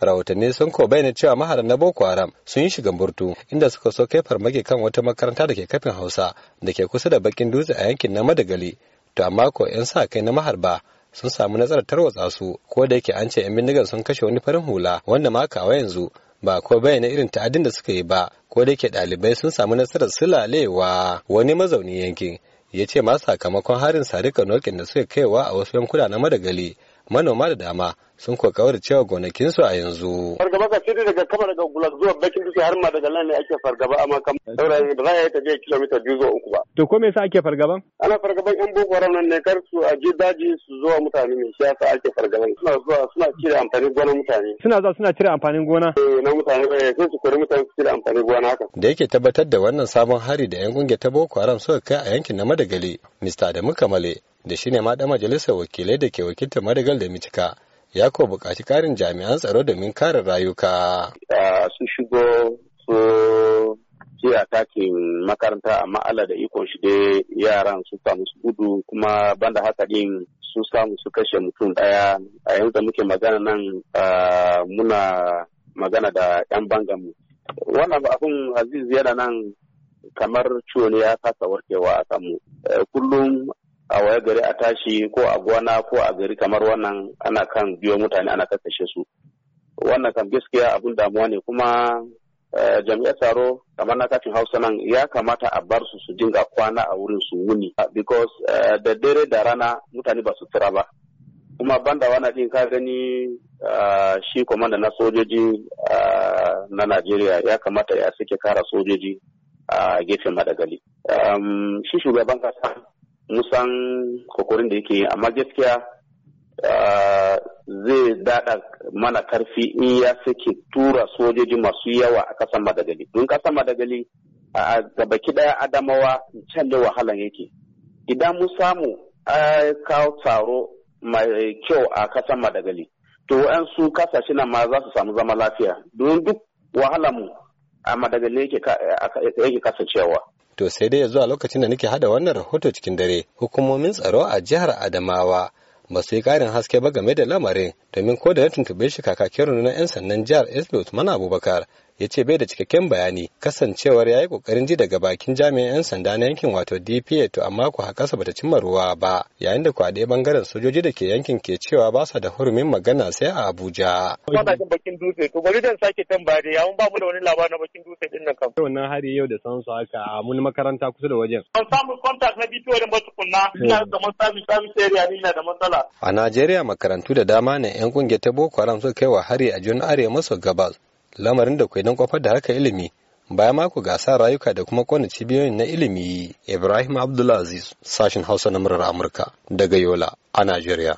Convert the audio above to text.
rahotanni sun ko bayyana cewa maharan na boko haram sun yi shigan burtu inda suka so kai farmage kan wata makaranta da ke kafin hausa da ke kusa da bakin dutse a yankin na madagali to amma ko yan sa kai na maharba sun samu nasarar tarwatsa su ko da yake an ce yan bindigar sun kashe wani farin hula wanda ma kawa yanzu ba ko bayyana irin ta'adin da suka yi ba ko da yake ɗalibai sun samu nasarar sulalewa wani mazauni yankin ya ce ma sakamakon harin sarika nokin da suka kaiwa a wasu yankuna na madagali manoma da dama sun kokawar cewa gonakinsu a yanzu. Fargaba ka sai daga kama daga gulag zuwa bakin dutse har ma daga nan ne ake fargaba amma kam saurayi ba za a yi tafiya kilomita biyu zuwa uku ba. To ko me yasa ake fargaban? Ana fargaban yan boko haram nan ne kar su a daji su zuwa mutane ne shi yasa ake fargaban suna zuwa suna cire amfanin gonar mutane. Suna zuwa suna cire amfanin gona? Eh na mutane eh sai su kori mutane su cire amfanin gona haka. Da yake tabbatar da wannan sabon hari da yan kungiyar ta boko haram suka kai a yankin na Madagali, Mr. Adamu Kamale da shi ne maɗa majalisar wakilai da ke wakiltar madagal da micika ya ko buƙaci ƙarin jami'an tsaro domin kare rayuka. su shigo su a takin makaranta amma Allah da ikon shi dai yaran su samu su gudu kuma banda haka din su samu su kashe mutum daya a yanzu da muke magana nan muna magana da yan bangamu wannan abun aziz yana nan kamar ciwo ne ya kasa warkewa a samu eh, kullum dare a tashi ko a gona ko a gari kamar wannan ana kan biyo mutane ana kakashe su wannan kan gaskiya abun damuwa ne kuma eh, jami'ar tsaro kamar na kafin hausa nan ya kamata a bar su su dinga kwana a wurin su wuni because eh, da dare da rana mutane ba su tsira ba kuma banda wani din ka gani eh, shi komanda na sojoji na najeriya ya kamata ya suke kara sojoji a gefen madagali ehm, shi shugaban kasa musan kokorin da yake amma gaskiya zai dada mana karfi in ya sake tura sojoji masu yawa a kasan madagali don kasan madagali a gabaki daya adamawa can da wahalan yake idan musamu samu kawo taro mai kyau a kasan madagali to wa'yansu kasashe na ma za su samu zama lafiya don duk mu a madagali yake kasancewa to sai dai zuwa lokacin da nake hada wannan rahoto cikin dare hukumomin tsaro a jihar adamawa ba su yi karin haske ba game da lamarin domin ko da na tuntube shi kakakin rundunar 'yan sannan jihar sb usman abubakar ya ce bai da cikakken bayani kasancewar ya yi kokarin ji daga bakin jami'an 'yan sanda na yankin wato dpa to amma ku hakasa bata cimma ruwa ba yayin da kwaɗe bangaren sojoji da ke yankin ke cewa ba sa da hurumin magana sai a abuja. jin bakin dutse to bari zan sake tambaya da yawun ba mu da wani labarin na bakin dutse din nan kam. wannan hari yau da sansu haka a mun makaranta kusa da wajen. ban samu contact na dpa da ba tukunna ina da mun sami sami area ina da matsala. a najeriya makarantu da dama ne 'yan kungiyar ta boko haram suka kai wa hari a jun arewa maso gabas lamarin da kwaidan kwafar da haka ilimi bayan mako gasa rayuka da kuma kwana cibiyoyin na ilimi ibrahim abdulaziz Sashen hausa na murar amurka daga yola a najeriya